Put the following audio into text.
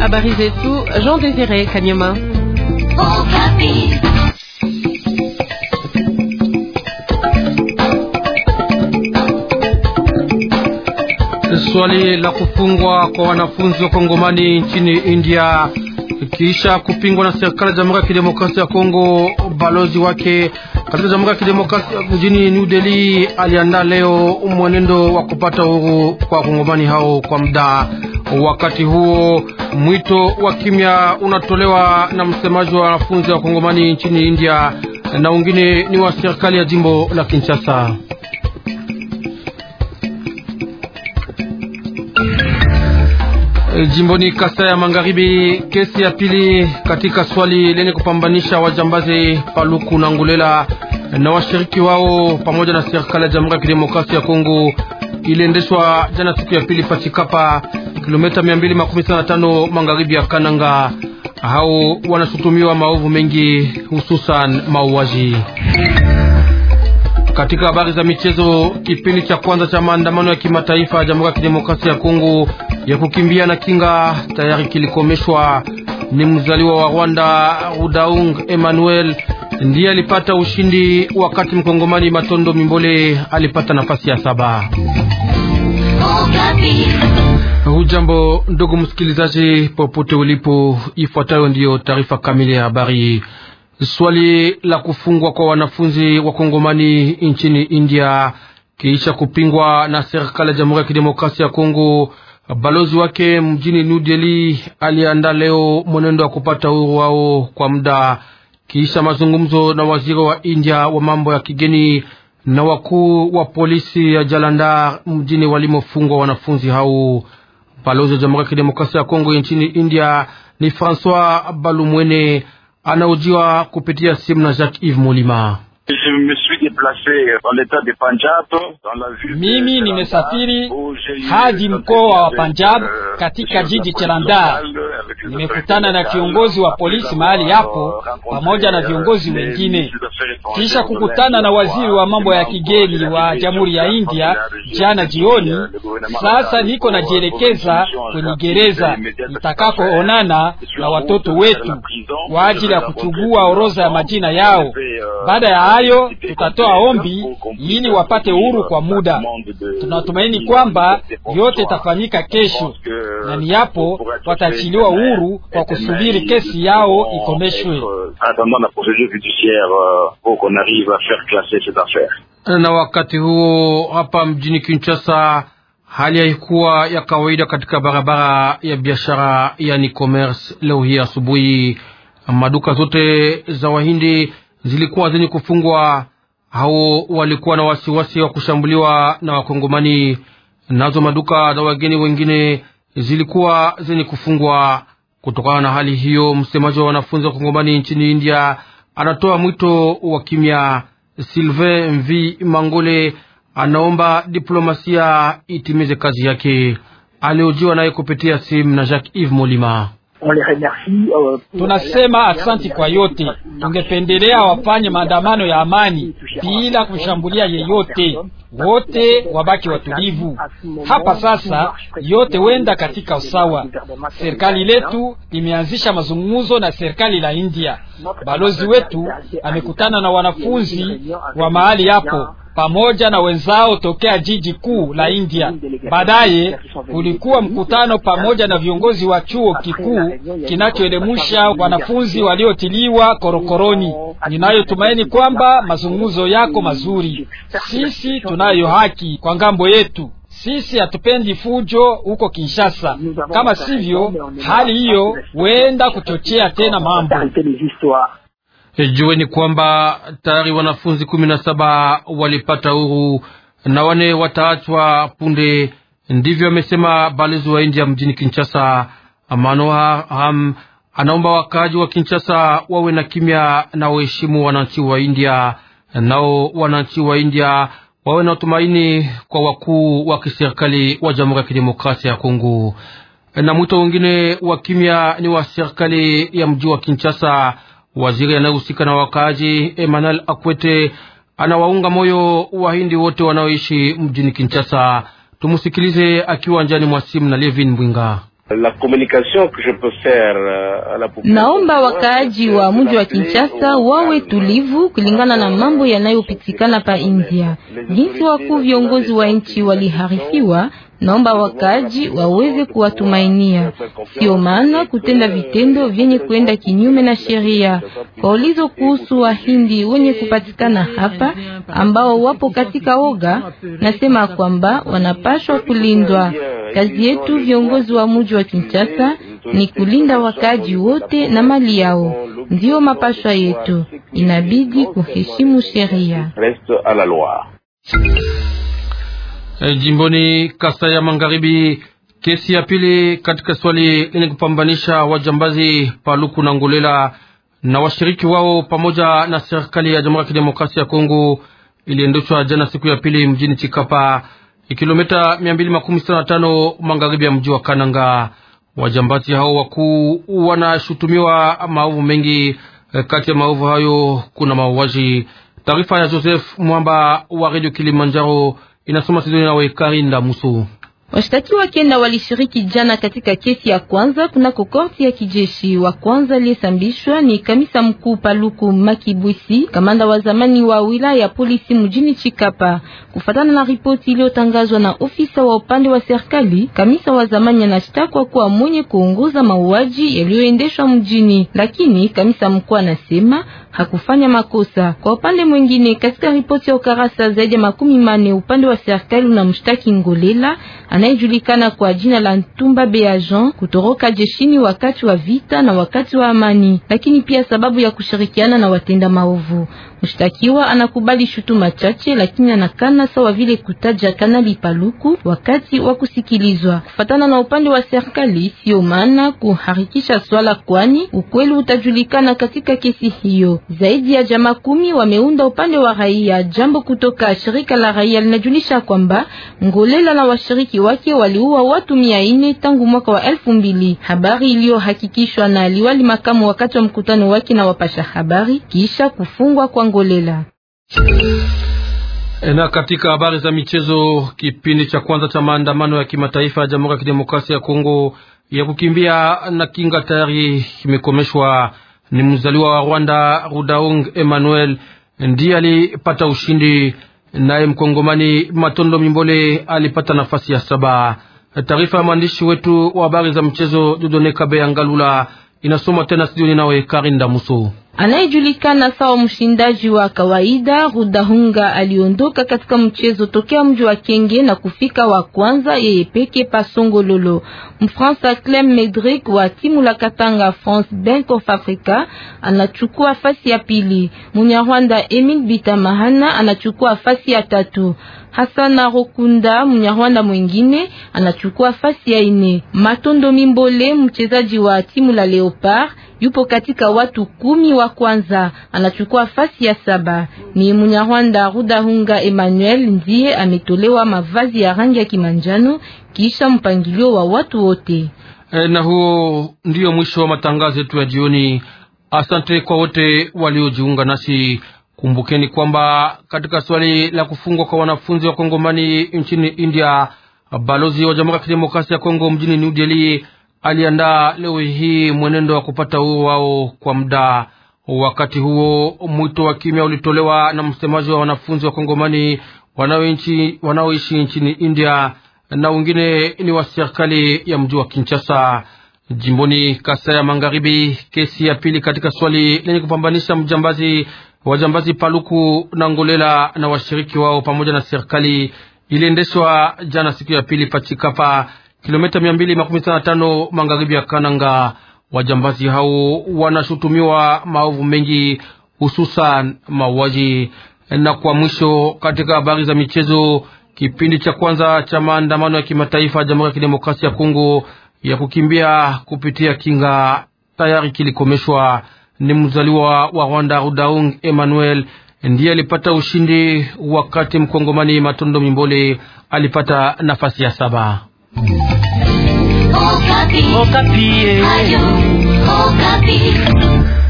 Habari zetu Jean Désiré Kanyama. Okapi. Swali la kufungwa kwa wanafunzi wa Kongomani nchini India kisha kupingwa na serikali ya Jamhuri ya Kidemokrasia ya Kongo balozi wake katika Jamhuri ya Kidemokrasia mjini New Delhi aliandaa leo mwenendo wa kupata uhuru kwa wakongomani hao kwa muda. Wakati huo mwito wa kimya unatolewa na msemaji wa wanafunzi wa wakongomani nchini India na wengine ni wa serikali ya jimbo la Kinshasa. Eh, jimboni Kasai ya Magharibi, kesi ya pili katika swali lenye kupambanisha wajambazi Paluku na Ngulela eh, na washiriki wao pamoja na serikali ya Jamhuri ya Kidemokrasia ya Kongo iliendeshwa jana siku ya pili Pachikapa, kilomita 215 magharibi ya Kananga. Hao wanashutumiwa maovu mengi, hususan mauaji. Katika habari za michezo, kipindi cha kwanza cha maandamano ya kimataifa ya Jamhuri ya Kidemokrasia ya Kongo ya kukimbia na kinga tayari kilikomeshwa. Ni mzaliwa wa Rwanda Rudaung Emmanuel ndiye alipata ushindi, wakati mkongomani Matondo Mimbole alipata nafasi ya saba. Hujambo ndugu msikilizaji, popote ulipo, ifuatayo ndiyo taarifa kamili ya habari. Swali la kufungwa kwa wanafunzi wa kongomani nchini India kiisha kupingwa na serikali ya Jamhuri ya Kidemokrasia ya Kongo Balozi wake mjini New Delhi aliandaa leo mwenendo wa kupata uhuru wao kwa muda kisha mazungumzo na waziri wa India wa mambo ya kigeni na wakuu wa polisi ya Jalandhar mjini walimofungwa wanafunzi hao. Balozi wa Jamhuri ya Kidemokrasia ya Kongo nchini India ni Francois Balumwene anaojiwa kupitia simu na Jacques Yves Molima. Mimi nimesafiri hadi mkoa wa Punjab euh, katika jiji chelandar Nimekutana na viongozi wa polisi mahali hapo pamoja na viongozi wengine, kisha kukutana na waziri wa mambo ya kigeni wa Jamhuri ya India jana jioni. Sasa niko najielekeza kwenye gereza nitakakoonana na watoto wetu kwa ajili ya kuchugua orodha ya majina yao. Euh, Baada ya nayo tutatoa ombi ili wapate uhuru kwa muda. Tunatumaini kwamba yote itafanyika kesho, na ni hapo wataachiliwa uhuru kwa kusubiri kesi yao ikomeshwe. Euh, na wakati huo hapa mjini Kinshasa hali haikuwa ya kawaida katika barabara ya biashara yani commerce. Leo hii asubuhi maduka zote za Wahindi zilikuwa zenye kufungwa. Hao walikuwa na wasiwasi wa kushambuliwa na Wakongomani. Nazo maduka za wageni wengine zilikuwa zenye kufungwa. Kutokana na hali hiyo, msemaji wa wanafunzi wa Kongomani nchini India anatoa mwito wa kimya. Sylvain Mvi Mangole anaomba diplomasia itimize kazi yake. Aliojiwa naye kupitia simu na Jacques Yves Molima. Euh, Tunasema asanti kwa yote. Tungependelea wafanye maandamano ya amani bila kushambulia yeyote, wote wabaki watulivu. Hapa sasa yote wenda katika usawa. Serikali letu limeanzisha mazungumzo na serikali la India. Balozi wetu amekutana na wanafunzi wa mahali hapo pamoja na wenzao tokea jiji kuu la India. Baadaye kulikuwa mkutano pamoja na viongozi wa chuo kikuu kinachoelemusha wanafunzi waliotiliwa korokoroni. Ninayotumaini kwamba mazungumzo yako mazuri. Sisi tunayo haki kwa ngambo yetu. Sisi hatupendi fujo huko Kinshasa, kama sivyo hali hiyo huenda kuchochea tena mambo. Jueni kwamba tayari wanafunzi kumi na saba walipata huru na wane wataachwa punde. Ndivyo amesema balozi wa India mjini Kinshasa. Manohar Ham anaomba wakaaji wa Kinshasa wawe na kimya na waheshimu wananchi wa India, nao wananchi wa India wawe na utumaini kwa wakuu wa kiserikali wa Jamhuri ya Kidemokrasia ya Kongo. Na mwito wengine wa kimya ni wa serikali ya mji wa Kinshasa Waziri anayehusika na wakaaji Emmanuel Akwete anawaunga moyo Wahindi wote wanaoishi mjini Kinshasa. Tumusikilize akiwa njani mwa simu na Levin Mwinga. La communication que je peux faire euh, la Naomba wakaaji wa mji wa Kinshasa wawe tulivu kulingana na mambo yanayopitikana pa India. Jinsi wakuu viongozi wa nchi waliharifiwa Naomba wakaaji waweze kuwatumainia, sio maana kutenda vitendo vyenye kwenda kinyume na sheria. Kwa ulizo kuhusu Wahindi wenye kupatikana hapa ambao wapo katika oga, nasema kwamba wanapashwa kulindwa. Kazi yetu viongozi wa mji wa Kinshasa ni kulinda wakaaji wote na mali yao, ndiyo mapashwa yetu. Inabidi kuheshimu sheria. E, jimboni Kasai ya Magharibi, kesi ya pili katika swali lenye kupambanisha wajambazi Paluku na Ngolela na washiriki wao pamoja na serikali ya Jamhuri ya Kidemokrasia ya Kongo iliendeshwa jana siku ya pili mjini Chikapa, kilomita 215 magharibi ya mji wa Kananga. Wajambazi hao wakuu wanashutumiwa maovu mengi. Eh, kati ya maovu hayo kuna mauaji. Taarifa ya Joseph Mwamba wa Radio Kilimanjaro inasoma sidoni nawe karinda Musu. Washtakiwa kenda walishiriki jana katika kesi ya kwanza kuna korti ya kijeshi. Wa kwanza aliyesambishwa ni kamisa mkuu Paluku Makibwisi, kamanda wa zamani wa wilaya ya polisi mjini Chikapa. Kufatana na ripoti iliyotangazwa na ofisa wa upande wa serikali, kamisa wa zamani anashtakwa kuwa mwenye kuongoza mauaji yaliyoendeshwa mjini, lakini kamisa mkuu anasema hakufanya makosa. Kwa upande mwingine, katika ripoti ya ukarasa zaidi ya makumi mane upande wa serikali unamshtaki Ngolela ana anayejulikana kwa jina la Ntumba Beajon kutoroka jeshini wakati wa vita na wakati wa amani, lakini pia sababu ya kushirikiana na watenda maovu. Mshtakiwa anakubali shutuma chache, lakini anakana sawa vile kutaja Kanali Paluku wakati wa kusikilizwa. Kufatana na upande wa serikali, sio maana kuharikisha swala, kwani ukweli utajulikana katika kesi hiyo. Zaidi ya jamaa kumi wameunda upande wa raia. Jambo kutoka shirika la raia linajulisha kwamba Ngolela na washiriki wa wake waliua watu mia tangu mwaka wa elfu mbili. Habari iliyohakikishwa na aliwali makamu wakati wa mkutano wake na wapasha habari kisha kufungwa kwa Ngolela. E, na katika habari za michezo, kipindi cha kwanza cha maandamano ya kimataifa ya Jamhuri ya Kidemokrasia ya Kongo ya kukimbia na kinga tayari kimekomeshwa. Ni mzaliwa wa Rwanda rudaung Emmanuel ndiye alipata ushindi naye mkongomani Matondo Mimbole alipata nafasi ya saba. Taarifa ya mwandishi wetu wa habari za mchezo Dodone Kabeya Ngalula inasoma tena studioni, nawe Karinda Muso. Anayejulikana sawa mshindaji wa kawaida Rudahunga aliondoka katika mchezo tokea mji wa Kenge na kufika wa kwanza yeye peke pa Songololo. Mfransa Clem Medric wa timu la Katanga France Bank of Africa anachukua fasi ya pili. Munyarwanda Emil Bitamahana anachukua fasi ya tatu. Hasana Rokunda munyarwanda mwingine anachukua fasi ya ine. Matondo Mimbole mchezaji wa timu la Leopard yupo katika watu kumi wa kwanza, anachukua fasi ya saba. Ni Munyarwanda Rudahunga Emmanuel ndiye ametolewa mavazi ya rangi ya kimanjano kisha mpangilio wa watu wote. E, na huo ndiyo mwisho wa matangazo yetu ya jioni. Asante kwa wote waliojiunga nasi. Kumbukeni kwamba katika swali la kufungwa kwa wanafunzi wa Kongomani nchini India, balozi wa Jamhuri ya Kidemokrasia ya Kongo mjini New Delhi aliandaa leo hii mwenendo wa kupata uhuru wao kwa muda. Wakati huo mwito wa kimya ulitolewa na msemaji wa wanafunzi wa Kongomani wanaoishi nchini India na wengine ni wa serikali ya mji wa Kinshasa jimboni kasa ya Magharibi. Kesi ya pili katika swali lenye kupambanisha mjambazi wajambazi Paluku na Ngolela na washiriki wao pamoja na serikali iliendeshwa jana siku ya pili pachikapa kilomita mia mbili makumi saba na tano magharibi ya Kananga. Wajambazi hao wanashutumiwa maovu mengi, hususan mauaji. Na kwa mwisho, katika habari za michezo, kipindi cha kwanza cha maandamano ya kimataifa ya Jamhuri ya Kidemokrasia ya Kongo ya kukimbia kupitia kinga tayari kilikomeshwa. Ni mzaliwa wa Rwanda Rudaung Emmanuel ndiye alipata ushindi, wakati mkongomani Matondo Mimbole alipata nafasi ya saba. Okapi. Okapi.